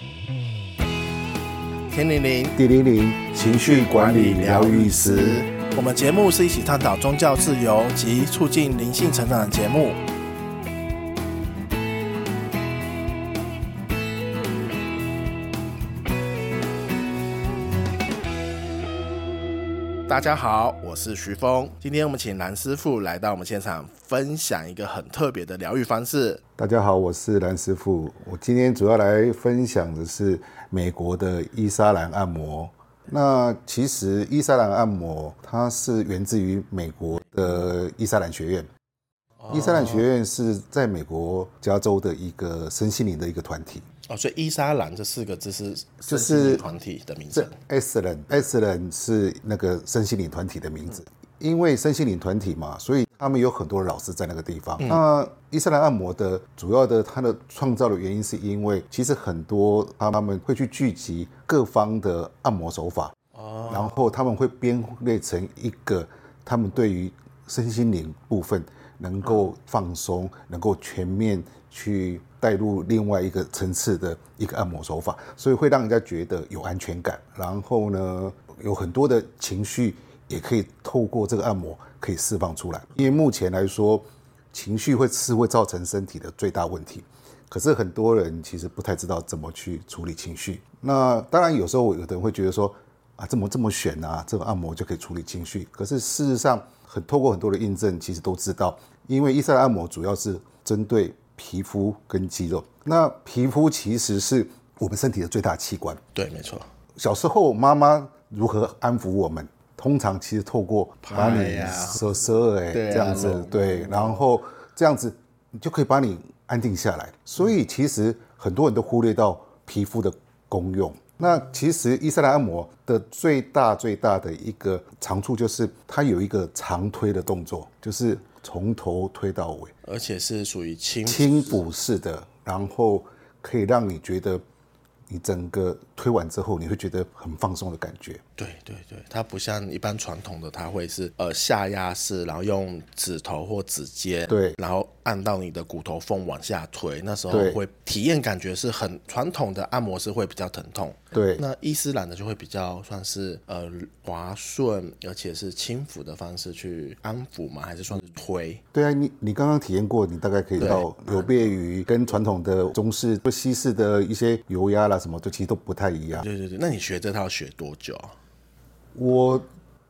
嗯，天靈靈，地靈靈，情緒管理療癒師，我們節目是一起探討宗教自由及促進靈性成長的節目。大家好，我是徐峰。今天我們請藍師傅來到我們現場，分享一個很特別的療癒方式。大家好，我是藍師傅。我今天主要來分享的是美國的伊莎蘭按摩。那其實伊莎蘭按摩，它是源自於美國的伊莎蘭學院。哦、伊莎蘭學院是在美國加州的一個身心靈的一個團體。哦，所以伊莎蘭這四個字是就是團體的名字 Esalen，Esalen 是那個身心靈團體的名字。嗯、因為身心靈團體嘛，所以他們有很多的老師在那個地方。嗯、那伊莎蘭按摩的主要的它的創造的原因，是因為其實很多他們會去聚集各方的按摩手法，哦、然後他們會編列成一個他們對於身心靈部分能夠放鬆，嗯、能夠全面。去帶入另外一個層次的一個按摩手法，所以會讓人家覺得有安全感。然後呢，有很多的情緒也可以透過這個按摩可以釋放出來。因為目前來說，情緒會是會造成身體的最大問題。可是很多人其實不太知道怎麼去處理情緒。那當然有時候有的人會覺得說啊，這麼這麼選啊，這個按摩就可以處理情緒。可是事實上，很透過很多的印證，其實都知道，因為伊莎蘭按摩主要是針對皮膚跟肌肉，那皮膚其實是我們身體的最大器官。對，沒錯。小時候媽媽如何安撫我們，通常其實透過把你揉揉，哎，這樣子，嗯、對，然後這樣子你就可以把你安定下來。所以其實很多人都忽略到皮膚的功用。那其實伊莎蘭按摩的最大最大的一個長處就是它有一個長推的動作，就是。從頭推到尾，而且是屬於輕輕補式的，然後可以讓你覺得，你整個推完之後，你會覺得很放鬆的感覺。對對對，它不像一般傳統的，它會是呃下壓式，然後用指頭或指尖，對，然後按到你的骨頭縫往下推，那時候會體驗感覺是很傳統的按摩是會比較疼痛，對，那伊莎蘭的就會比較算是呃滑順，而且是輕撫的方式去安撫嘛，還是算是推？對啊，你你剛剛體驗過，你大概可以知到有別於跟傳統的中式或西式的一些油壓啦什麼，就其實都不太一樣。對對對，那你學這套學多久啊？我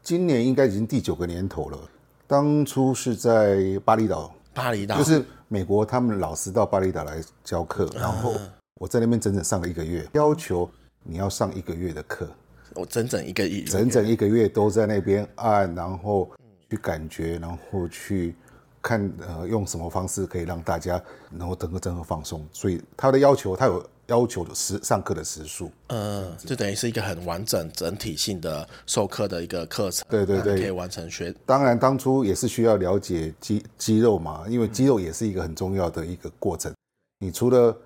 今年應該已經第九個年頭了。當初是在巴厘島，巴厘島就是美國，他們老師到巴厘島來教課，嗯、然後我在那邊整整上了一個月，要求你要上一個月的課，我、哦、整整一個月，整整一個月都在那邊按，然後去感覺，然後去看呃用什麼方式可以讓大家能夠整個整個放鬆，所以他的要求他有。要求的時上課的時數，嗯，就等於是一個很完整整體性的授課的一個課程。對對對，可以完成學。當然，當初也是需要了解肌肌肉嘛，因為肌肉也是一個很重要的一個過程。你除了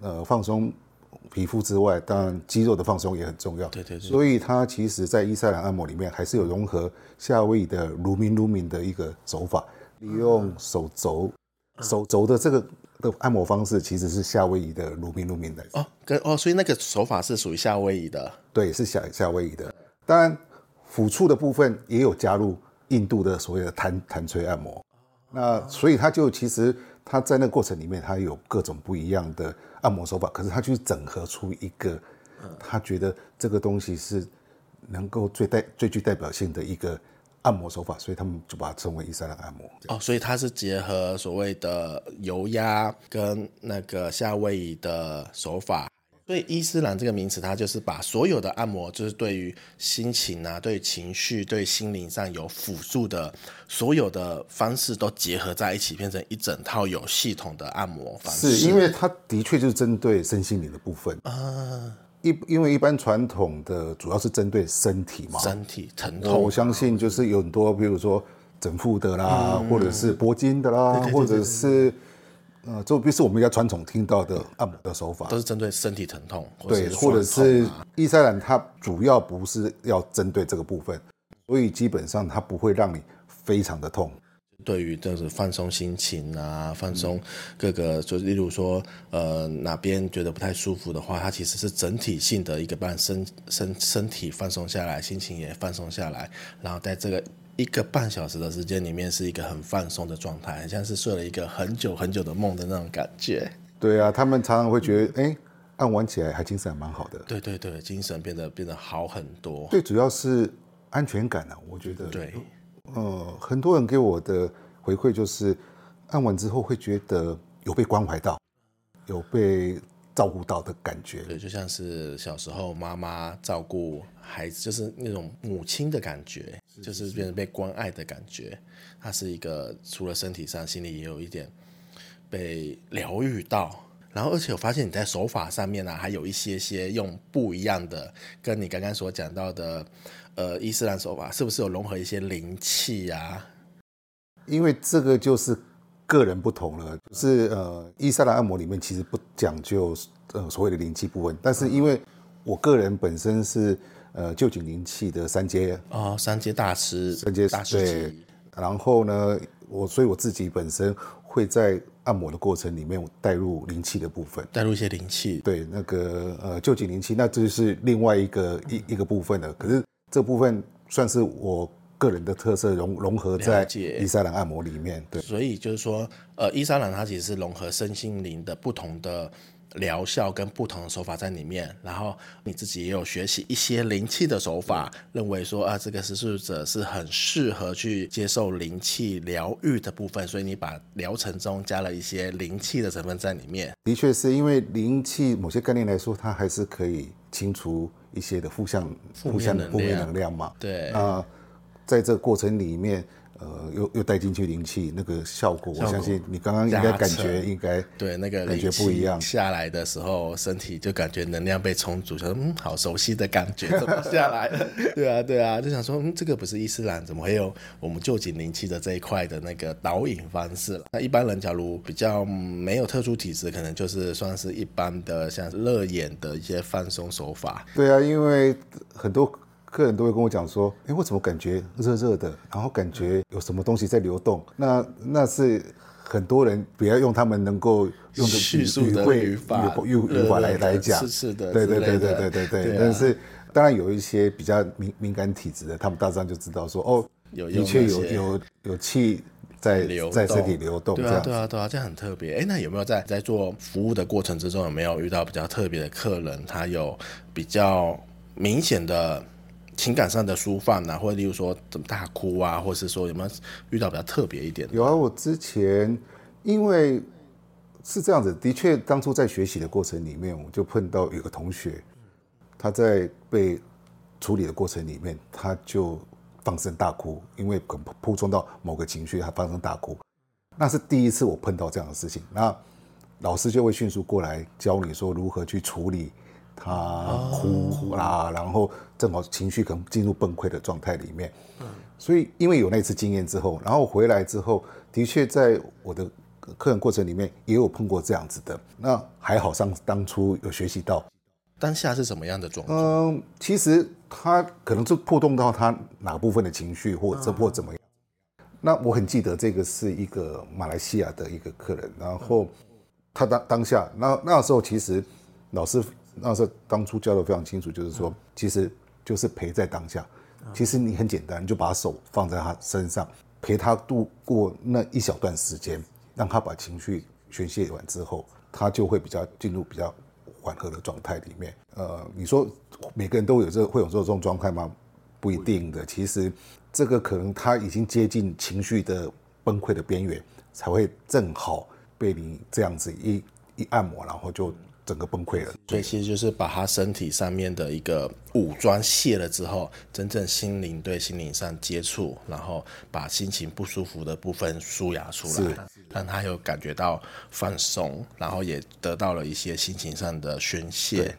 呃放鬆皮膚之外，當然肌肉的放鬆也很重要。對對對。所以它其實，在伊莎蘭按摩裡面，還是有融合夏威夷的 Lomi Lomi 的一個手法，利用手肘、手肘的這個。的按摩方式其實是夏威夷的魯賓魯賓的哦？跟哦，所以那個手法是屬於夏威夷的，對，是夏夏威夷的。當然，撫觸的部分也有加入印度的所謂的彈彈吹按摩，嗯、那所以他就其實他在那個過程裡面，他有各種不一樣的按摩手法，可是他就是整合出一個，他覺得這個東西是能夠最代最具代表性的一個，按摩手法，所以他們就把它稱為伊莎蘭按摩。哦，所以它是結合所謂的油壓跟那個夏威夷的手法。所以伊莎蘭這個名詞，它就是把所有的按摩，就是對於心情啊、對情緒、對心靈上有輔助的，所有的方式都結合在一起，變成一整套有系統的按摩方式。是因為它的確就是針對身心靈的部分啊。嗯一因為一般傳統的主要是針對身體嘛，身體疼痛。我相信就是有很多，比如說整復的啦，嗯、或者是撥筋的啦，嗯、或者是呃，這不是我們家傳統聽到的對按摩的手法，都是針對身體疼痛。也是酸痛啊、對，或者是伊莎蘭它主要不是要針對這個部分，所以基本上它不會讓你非常的痛。對於就是放鬆心情啊，放鬆各個，就是例如說，呃，哪邊覺得不太舒服的話，它其實是整體性的一個半身身身體放鬆下來，心情也放鬆下來，然後在這個一個半小時的時間裡面，是一個很放鬆的狀態，很像是睡了一個很久很久的夢的那種感覺。對啊，他們常常會覺得，哎，按完起來還精神還蠻好的。對對對，精神變得變得好很多。對，主要是安全感啊，我覺得。對。哦、呃，很多人給我的回饋就是按完之後會覺得有被關懷到，有被照顧到的感覺。對，就像是小時候媽媽照顧孩子，就是那種母親的感覺，是是是就是變成被關愛的感覺。它是一個除了身體上，心裡也有一點被療癒到。然後，而且我發現你在手法上面呢、啊，還有一些些用不一樣的，跟你剛剛所講到的，呃，伊莎蘭手法是不是有融合一些靈氣啊？因為這個就是個人不同了，是呃，伊莎蘭按摩裡面其實不講究呃所謂的靈氣部分，但是因為我個人本身是呃臼井靈氣的三階啊、哦，三階大師，三階大師對，然後呢，我所以我自己本身會在。按摩的過程裡面，我帶入靈氣的部分，帶入一些靈氣，對那個呃臼井靈氣，那這是另外一個一一個部分的。可是這部分算是我個人的特色融，融融合在伊莎蘭按摩裡面。對，所以就是說，呃，伊莎蘭它其實是融合身心靈的不同的。療效跟不同的手法在裡面，然後你自己也有學習一些靈氣的手法，認為說啊，這個施術者是很適合去接受靈氣療癒的部分，所以你把療程中加了一些靈氣的成分在裡面。的確是因為靈氣，某些概念來說，它還是可以清除一些的負向、負向的負面能量嘛。對啊、呃，在這個過程裡面。呃，又又帶進去靈氣，那個效果，效果我相信你剛剛應該感覺扯應該對那個感覺不一樣。下來的時候，身體就感覺能量被充足，想說 嗯，好熟悉的感覺，怎麼下來了 對啊，對啊，就想說，嗯，這個不是伊莎蘭，怎麼會有我們臼井靈氣的這一塊的那個導引方式了？那一般人假如比較沒有特殊體質，可能就是算是一般的像樂眼的一些放鬆手法。對啊，因為很多。客人都會跟我講說：“哎，我怎麼感覺熱熱的？然後感覺有什麼東西在流動？那那是很多人不要用他們能夠用的敘述的語法來來講，是的，的，對對對對對對，對，對、啊、但是當然有一些比較敏敏感體質的，他們大致上就知道說哦，一切有有有，有氣在在身體流動，對對啊，對啊，對，啊對啊，這樣很特別。哎，那有沒有在在做服務的過程之中，有沒有遇到比較特別的客人？他有比較明顯的？”情感上的疏放啊，或者例如說怎麼大哭啊，或者是說有沒有遇到比較特別一點的？有啊，我之前因為是這樣子，的確當初在學習的過程裡面，我就碰到有個同學，他在被處理的過程裡面，他就放聲大哭，因為很撲中到某個情緒，他放聲大哭。那是第一次我碰到這樣的事情，那老師就會迅速過來教你說如何去處理。他、啊、哭啦，啊，然後正好情緒可能進入崩潰的狀態裡面，對所以因為有那次經驗之後，然後回來之後，的確在我的客人過程裡面也有碰過這樣子的。那還好上，上當初有學習到當下是什麼樣的狀態？嗯、呃，其實他可能就觸動到他哪部分的情緒，或者或者怎麼樣。嗯、那我很記得這個是一個馬來西亞的一個客人，然後他當當下那那時候其實老師。那時候當初教的非常清楚，就是說，其實就是陪在當下。其實你很簡單，就把手放在他身上，陪他度過那一小段時間，讓他把情緒宣泄完之後，他就會比較進入比較緩和的狀態裡面。呃，你說每個人都有這個會有這種狀態嗎？不一定的。其實這個可能他已經接近情緒的崩潰的邊緣，才會正好被你這樣子一一按摩，然後就。整個崩潰了，所以其實就是把他身體上面的一個武裝卸了之後，真正心靈對心靈上接觸，然後把心情不舒服的部分舒壓出來，讓是他有感覺到放鬆，然後也得到了一些心情上的宣泄。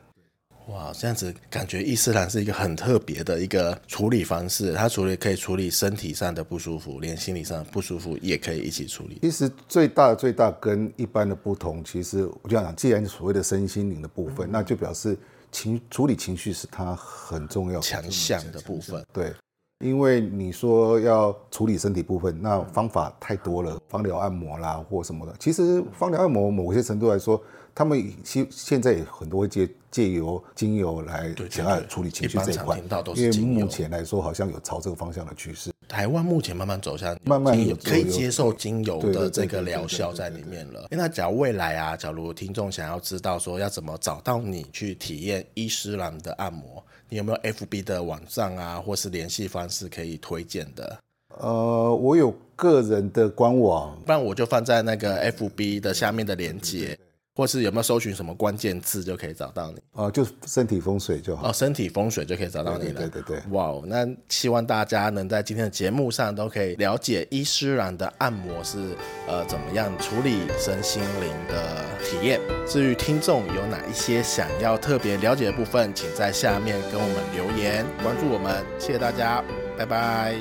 哇，這樣子感覺伊莎蘭是一個很特別的一個處理方式。它，除了可以處理身體上的不舒服，連心理上的不舒服也可以一起處理。其實最大最大跟一般的不同，其實我就想講，既然是所謂的身心靈的部分，嗯、那就表示情處理情緒是它很重要強項的部分，對。因為你說要處理身體部分，那方法太多了，芳療按摩啦或什麼的。其實芳療按摩某些程度來說，他們其現在也很多會借借由精油來對，想要處理情緒這一塊，一因為目前來說好像有朝這個方向的趨勢。台灣目前慢慢走向，慢慢可以接受精油的這個療效在裡面了。因為那假如未來啊，假如聽眾想要知道說要怎麼找到你去體驗伊莎蘭的按摩，你有沒有 F B 的網站啊，或是聯繫方式可以推薦的？呃，我有個人的官網，不然我就放在那個 F B 的下面的鏈接。或是有沒有搜尋什麼關鍵字就可以找到你啊、哦？就身體風水就好哦？身體風水就可以找到你了。對，對對對，哇哦！那希望大家能在今天的節目上都可以了解伊莎蘭的按摩是呃怎麼樣處理身心靈的體驗。至於聽眾有哪一些想要特別了解的部分，請在下面跟我們留言，關注我們，謝謝大家，拜拜。